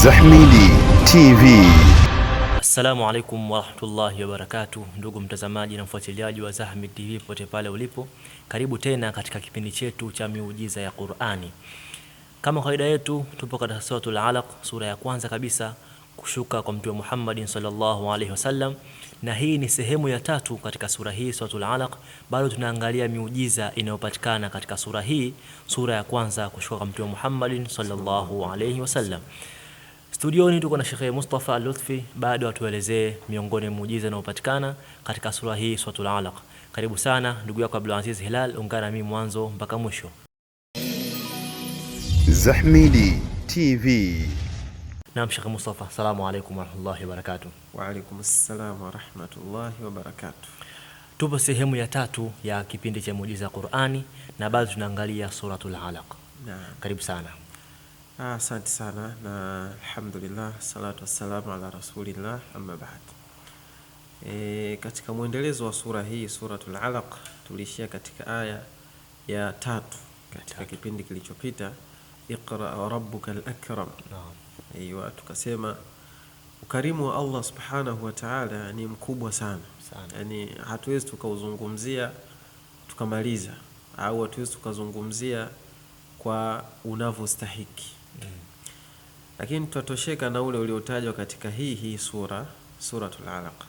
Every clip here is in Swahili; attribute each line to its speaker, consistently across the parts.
Speaker 1: Zahmidi TV. Assalamu alaikum warahmatullahi wabarakatuh, ndugu mtazamaji na mfuatiliaji wa Zahmid TV popote pale ulipo, karibu tena katika kipindi chetu cha miujiza ya Qur'ani. Kama kawaida yetu, tupo katika suratul Alaq, sura ya kwanza kabisa kushuka kwa Mtume Muhammad sallallahu alaihi wasallam, na hii ni sehemu ya tatu katika sura hii suratul Alaq. Bado tunaangalia miujiza inayopatikana katika sura hii, sura ya kwanza kushuka kwa Mtume Muhammad sallallahu alaihi wasallam. Studioni tuko na Sheikh Mustafa Al-Lutfi bado atuelezee miongoni mwa muujiza unaopatikana katika sura hii Suratul Alaq. Karibu sana ndugu yako Abdul Aziz Hilal, ungana nami mwanzo mpaka mwisho.
Speaker 2: Zahmidi TV. Naam, Sheikh Mustafa, asalamu alaykum wa rahmatullahi wa barakatuh.
Speaker 3: Wa alaykum assalam wa rahmatullahi wa barakatuh.
Speaker 1: Tupo sehemu ya tatu ya kipindi cha muujiza Qur'ani na bado tunaangalia Suratul Alaq. Naam. Karibu sana.
Speaker 3: Asante sana na alhamdulillah, salatu wassalamu ala rasulillah, amma ba'd. E, katika mwendelezo wa sura hii Suratul Alaq tuliishia katika aya ya tatu katika kipindi kilichopita, iqra wa rabbuka al-akram. Aiwa, tukasema ukarimu wa Allah subhanahu wa ta'ala ni mkubwa sana, yaani hatuwezi tukauzungumzia tukamaliza, au hatuwezi tukazungumzia kwa unavyostahiki lakini tutatosheka na ule uliotajwa katika hii hii sura suratul alaq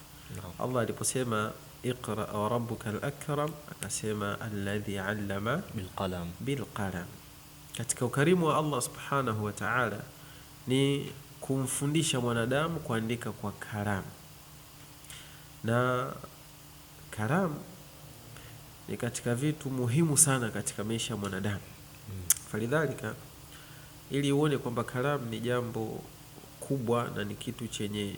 Speaker 3: Allah aliposema iqra wa rabbuka alakram akasema alladhi allama bilqalam bilqalam katika ukarimu wa Allah subhanahu wa ta'ala ni kumfundisha mwanadamu kuandika kwa kalamu na kalamu ni katika vitu muhimu sana katika maisha ya mwanadamu hmm. falidhalika ili uone kwamba kalamu ni jambo kubwa na ni kitu chenye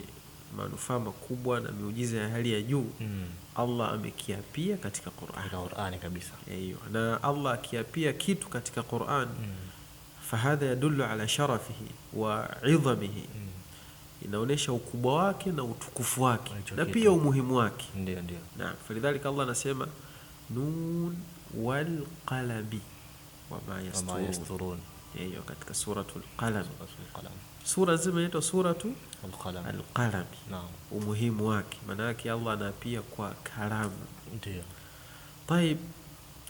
Speaker 3: manufaa makubwa na miujiza ya hali ya juu mm. Allah amekiapia katika
Speaker 1: Qur'an. kabisa.
Speaker 3: Eyo. Na Allah akiapia kitu katika Qur'an mm. fahadha yadullu ala sharafihi wa idhamihi mm. inaonyesha ukubwa wake na utukufu wake na pia umuhimu wake. Ndio, ndio. Na falidhalika Allah anasema nun wal wama yasturun hiyo katika suratul qalam. Sura zima inaitwa suratul alqalami. Naam, umuhimu wake, maana yake Allah anaapia kwa kalamu. Ndio taib,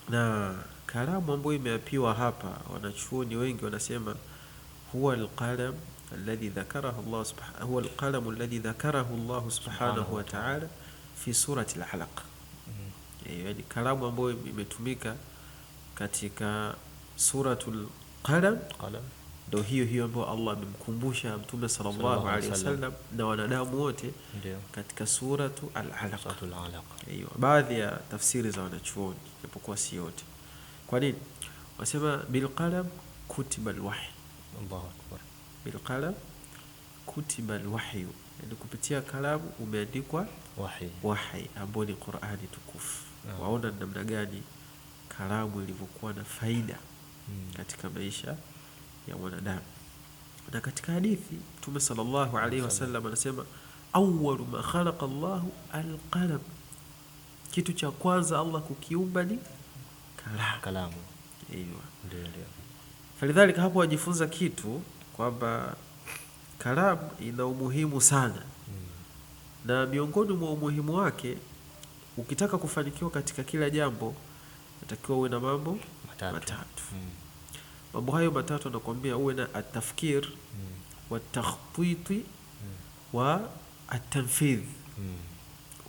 Speaker 3: na kalamu ambayo imeapiwa hapa, wanachuoni wengi wanasema huwa alqalam alladhi dhakarahu Allah subhanahu huwa alqalam alladhi dhakarahu Allah subhanahu wa ta'ala fi surati al-Alaq. Mm-hmm. Eh, yaani kalamu ambayo imetumika katika suratul qalam ndo hiyo hiyo ambayo Allah amemkumbusha Mtume sallallahu alaihi wasallam na wanadamu wote katika suratu Al-Alaq. baadhi ya tafsiri za wanachuoni, japokuwa si yote. Kwa nini wasema bilqalam kutiba alwahy? Allahu akbar, bilqalam kutiba alwahyu, yani kupitia kalamu umeandikwa wahi, wahi ambao ni Qur'ani tukufu. Ah. Waona namna gani kalamu ilivyokuwa na faida Mm. katika maisha ya mwanadamu. Na katika hadithi Mtume sallallahu alaihi wasallam anasema awwalu ma khalaqa Allahu alqalam, kitu cha kwanza Allah kukiumba ni kalamu, kalamu. Falidhalika hapo wajifunza kitu kwamba kalamu ina umuhimu sana mm. Na miongoni mwa umuhimu wake, ukitaka kufanikiwa katika kila jambo, natakiwa uwe na mambo matatu, matatu. Mm. mambo hayo matatu anakuambia uwe na atafkir mm. takhtiti mm. wa atanfidh mm.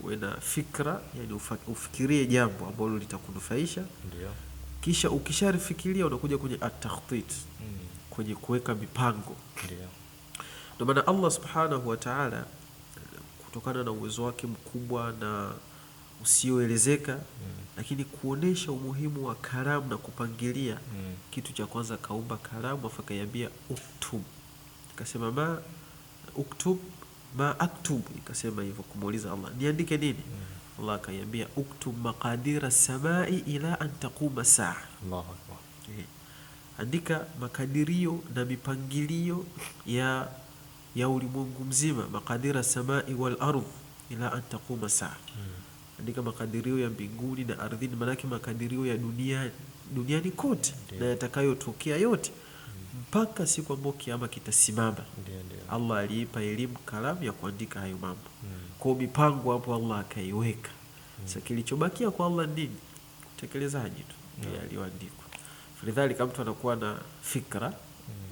Speaker 3: uwe na fikra yani ufikirie jambo ambalo litakunufaisha ndio kisha ukisharifikiria unakuja kwenye atakhtit mm. kwenye kuweka mipango ndio ndio maana Allah subhanahu wa ta'ala kutokana na uwezo wake mkubwa na usioelezeka mm. lakini kuonesha umuhimu wa kalamu na kupangilia mm. kitu cha kwanza kaumba kalamu afu akaiambia uktub akasema ma uktub ma aktub ikasema hivyo kumuuliza Allah niandike nini mm. Allah akaiambia uktub maqadira samai ila an taquma saa Allahu akbar eh. andika makadirio na mipangilio ya ya ulimwengu mzima maqadira samai wal ardh ila an taquma saa mm andika makadirio ya mbinguni na ardhini, maanake makadirio ya dunia, duniani kote na yatakayotokea yote mpaka siku ambayo kiama kitasimama. Allah aliipa elimu kalamu ya kuandika hayo mambo, hmm. kwa mipango hapo Allah akaiweka. Hmm. Sasa kilichobakia kwa Allah nini? Utekelezaji tu hmm. yaliyoandikwa. Lidhalika, mtu anakuwa na fikra,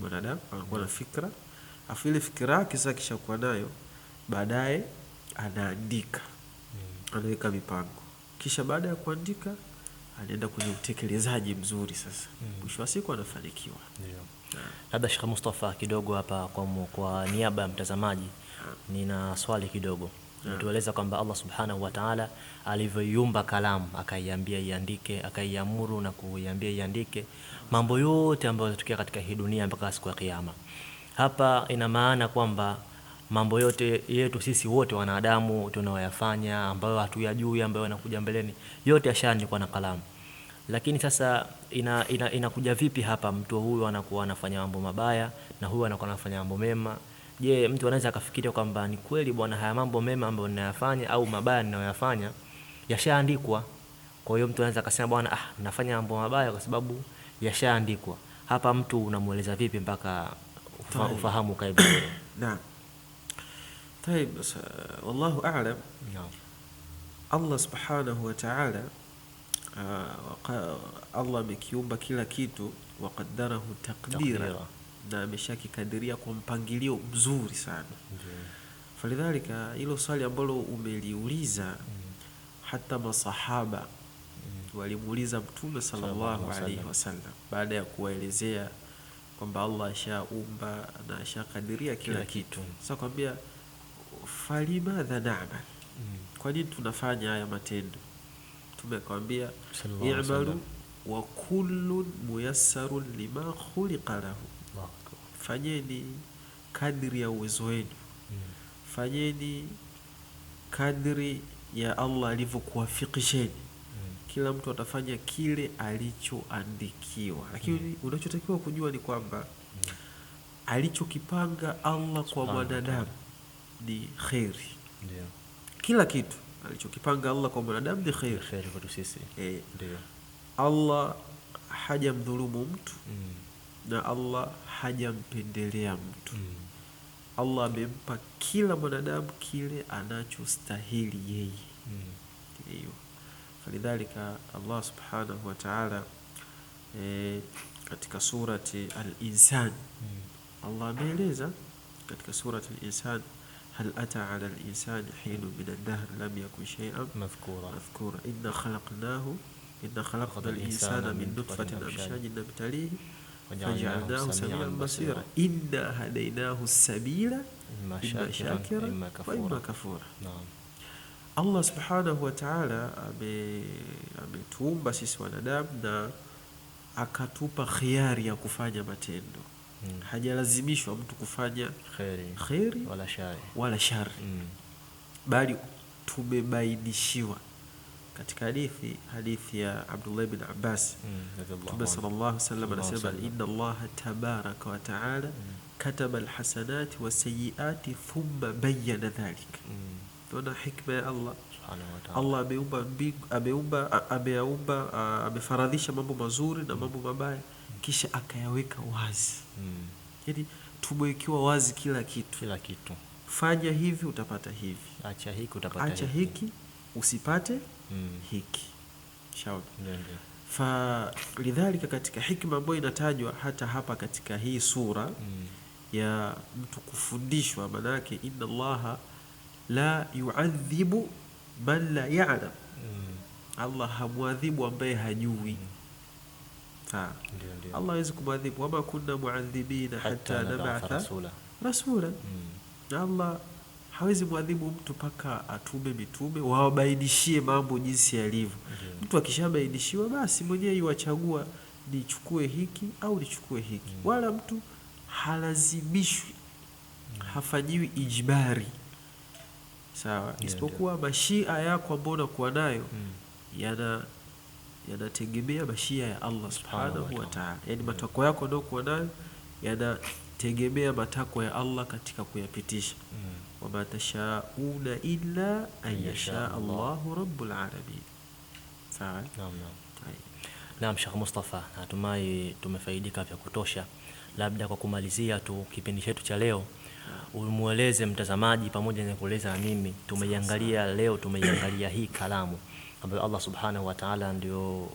Speaker 3: mwanadamu anakuwa na fikra, afu ile fikra yake sasa kishakuwa nayo, baadaye anaandika anaweka mipango, kisha baada ya kuandika anaenda kwenye utekelezaji mzuri. Sasa mm. mwisho mm. wa siku anafanikiwa.
Speaker 1: Labda Sheikh Mustafa, kidogo hapa kwa, kwa niaba ya mtazamaji nina swali kidogo tueleza kwamba Allah subhanahu wa taala alivyoiumba kalamu akaiambia iandike, akaiamuru na kuiambia iandike mambo yote ambayo yatokea katika hii dunia mpaka siku ya Kiyama. Hapa ina maana kwamba mambo yote yetu sisi wote wanadamu tunaoyafanya ambayo hatuyajui ambayo yanakuja mbeleni, yote yashaandikwa na kalamu. Lakini sasa inakuja ina, ina vipi hapa, mtu huyu anakuwa anafanya mambo mabaya na huyu anakuwa anafanya mambo mema. Je, mtu anaweza akafikiria kwamba ni kweli bwana, haya mambo mema ambayo ninayafanya au mabaya ninayoyafanya yashaandikwa? Kwa hiyo mtu anaweza akasema bwana, ah, nafanya mambo mabaya kwa sababu yashaandikwa. Hapa mtu unamweleza vipi mpaka ufahamu kaibu?
Speaker 3: طيب والله أعلم نعم Allah subhanahu wa ta'ala uh, Allah amekiumba kila kitu waqaddarahu taqdira, na ameshakikadiria kwa mpangilio mzuri sana okay. Falidhalika hilo swali ambalo umeliuliza mm. hata masahaba mm. walimuuliza Mtume sallallahu alaihi wasallam baada ya kuwaelezea kwamba Allah ashaumba na ashakadiria kila, kila kitu, kitu. Sasa kwambia falima dhanama, kwa nini tunafanya haya matendo? Tumekwambia i'malu wa kullun muyassarun lima khuliqa lahu, fanyeni kadri ya uwezo wenu, fanyeni kadri ya Allah alivyokuwafikisheni. Kila mtu atafanya kile alichoandikiwa, lakini unachotakiwa kujua ni kwamba alichokipanga Allah kwa mwanadamu ni kheri. Ndiyo. Kila kitu alichokipanga Allah kwa mwanadamu ni kheri. Kheri kwa sisi. Eh. Ndiyo. Allah hajamdhulumu mtu mm. na Allah hajampendelea mtu mm. Allah amempa kila mwanadamu kile anachostahili yeye mm. falidhalika Allah subhanahu wa ta'ala e, katika surati Al-Insan mm. Allah ameeleza katika surati Al-Insan هل أتى على الإنسان حين من الدهر لم يكن شيئا مذكورا مذكورا إنا خلقناه إنا خلقنا الإنسان من نطفة أمشاج نبتليه فجعلناه سميعا بصيرا إنا هديناه السبيل إما شاكرا وإما كفورا نعم. الله سبحانه وتعالى أبي أبي بسيس ونداب أكتوبا خياري أكفاجا ما تندو mm. hajalazimishwa mtu kufanya
Speaker 1: kheri, kheri wala shari,
Speaker 3: wala shari. Mm. bali tumebainishiwa katika hadithi hadithi ya Abdullah bin Abbas mm, Mtume sallallahu alaihi wasallam anasema inna Allaha tabaraka wa taala mm. kataba alhasanati wasayiati thumma bayyana dhalik mm. tuna hikma ya Allah Allah ameumba ameumba ameyaumba amefaradhisha mambo mazuri na mm. mambo mabaya kisha akayaweka wazi mm. Yaani tumewekewa wazi kila kitu, kila kitu. Fanya hivi utapata hivi, acha hiki utapata acha hiki, hiki usipate mm. hiki shauri Fa lidhalika katika hikma ambayo inatajwa hata hapa katika hii sura mm. ya mtu kufundishwa, maanake inna Allaha la yuadhibu man la ya'lam mm. Allah hamwadhibu ambaye hajui mm. Ah. Allah hawezi kumwadhibu, wama kunna muadhibina hata nabatha rasula. Hmm. Allah hawezi mwadhibu mtu mpaka atume mitume wawabainishie mambo jinsi yalivyo. Mtu akishabainishiwa, basi mwenyewe iwachagua nichukue hiki au nichukue hiki. mm. Wala mtu halazimishwi, mm. hafanyiwi ijibari, sawa, isipokuwa mashia yako ambayo unakuwa nayo mm. yana yanategemea mashia ya Allah subhanahu wa ta'ala. Yani matakwa yako unayokuwa nayo yanategemea matakwa ya Allah katika kuyapitisha. Mm. Wama tashauna illa an yasha Allahu rabbul alamin. Sawa.
Speaker 1: Naam, Sheikh Mustafa, natumai tumefaidika vya kutosha. Labda kwa kumalizia tu kipindi chetu cha leo umweleze mtazamaji pamoja na kueleza na mimi tumeiangalia leo, tumeiangalia hii kalamu ambayo Allah subhanahu wa ta'ala ndio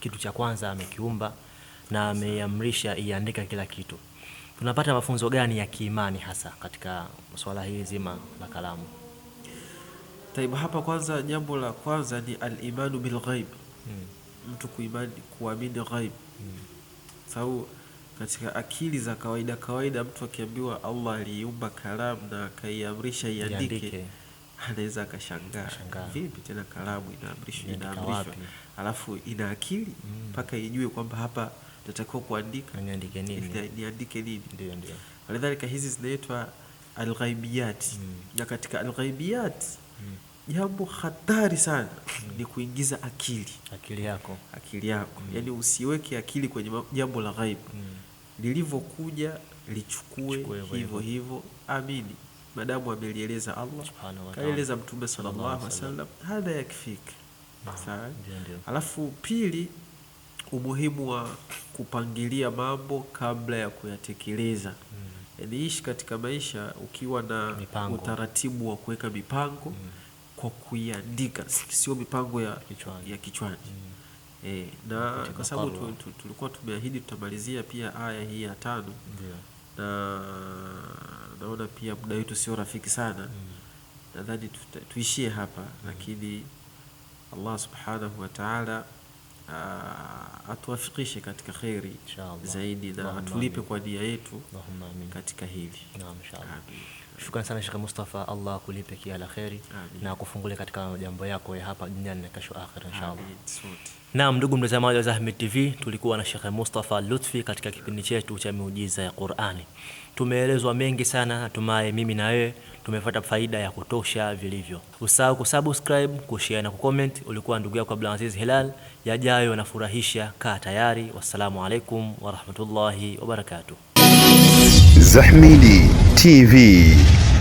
Speaker 1: kitu cha kwanza amekiumba na ameiamrisha iandika kila kitu. Tunapata mafunzo gani ya kiimani hasa katika swala hili zima la kalamu?
Speaker 3: Taibu, hapa kwanza, jambo la kwanza ni al-imanu bil ghaib, hmm. mtu kuimani kuamini ghaib, hmm. sababu katika akili za kawaida kawaida mtu akiambiwa Allah aliumba kalamu na akaiamrisha iandike anaweza akashangaa vipi tena kalamu inaamrishwa inaamrishwa, alafu ina akili mm. mpaka mm. ijue kwamba hapa natakiwa kuandika
Speaker 1: niandike nini,
Speaker 3: niandike nini. Ndio, ndio. Walidhalika hizi zinaitwa alghaibiyat mm. na katika alghaibiyat mm. jambo mm. hatari sana mm. ni kuingiza akili
Speaker 1: akili yako,
Speaker 3: akili yako. Mm. Yani usiweke akili kwenye jambo la ghaibu mm. lilivyokuja lichukue hivyo hivyo, amini madamu amelieleza Allah kaeleza Mtume sallallahu alaihi wasallam, hadha yakfik. Sawa. Alafu pili, umuhimu wa kupangilia mambo kabla ya kuyatekeleza mm. Yani, ishi katika maisha ukiwa na mipango, utaratibu wa kuweka mipango mm. kwa kuiandika, sio mipango ya kichwani, ya kichwani. Mm. E, na kwa sababu tulikuwa tumeahidi tutamalizia pia aya hii ya tano na naona pia muda wetu sio rafiki sana mm. Nadhani tuishie hapa mm. Lakini Allah subhanahu wa ta'ala ah, atuwafikishe katika kheri zaidi na atulipe kwa nia yetu katika hili. Naam,
Speaker 1: Shukrani sana shekhe Mustafa, Allah kulipe kia la kheri na kufungule katika jambo yako ya hapa duniani na kesho akhera inshallah. Naam, ndugu mtazamaji wa Zahmid TV, tulikuwa na shekhe Mustafa Lutfi katika kipindi chetu cha miujiza ya Qur'ani. Tumeelezwa mengi sana, hatumaye mimi na wewe tumepata faida ya kutosha vilivyo. Usahau kusubscribe, kushare na kucomment. Ulikuwa ndugu yako Abdulaziz Hilal, yajayo yanafurahisha. Kaa tayari. Wassalamu alaikum warahmatullahi wabarakatuh. Zahmidi TV.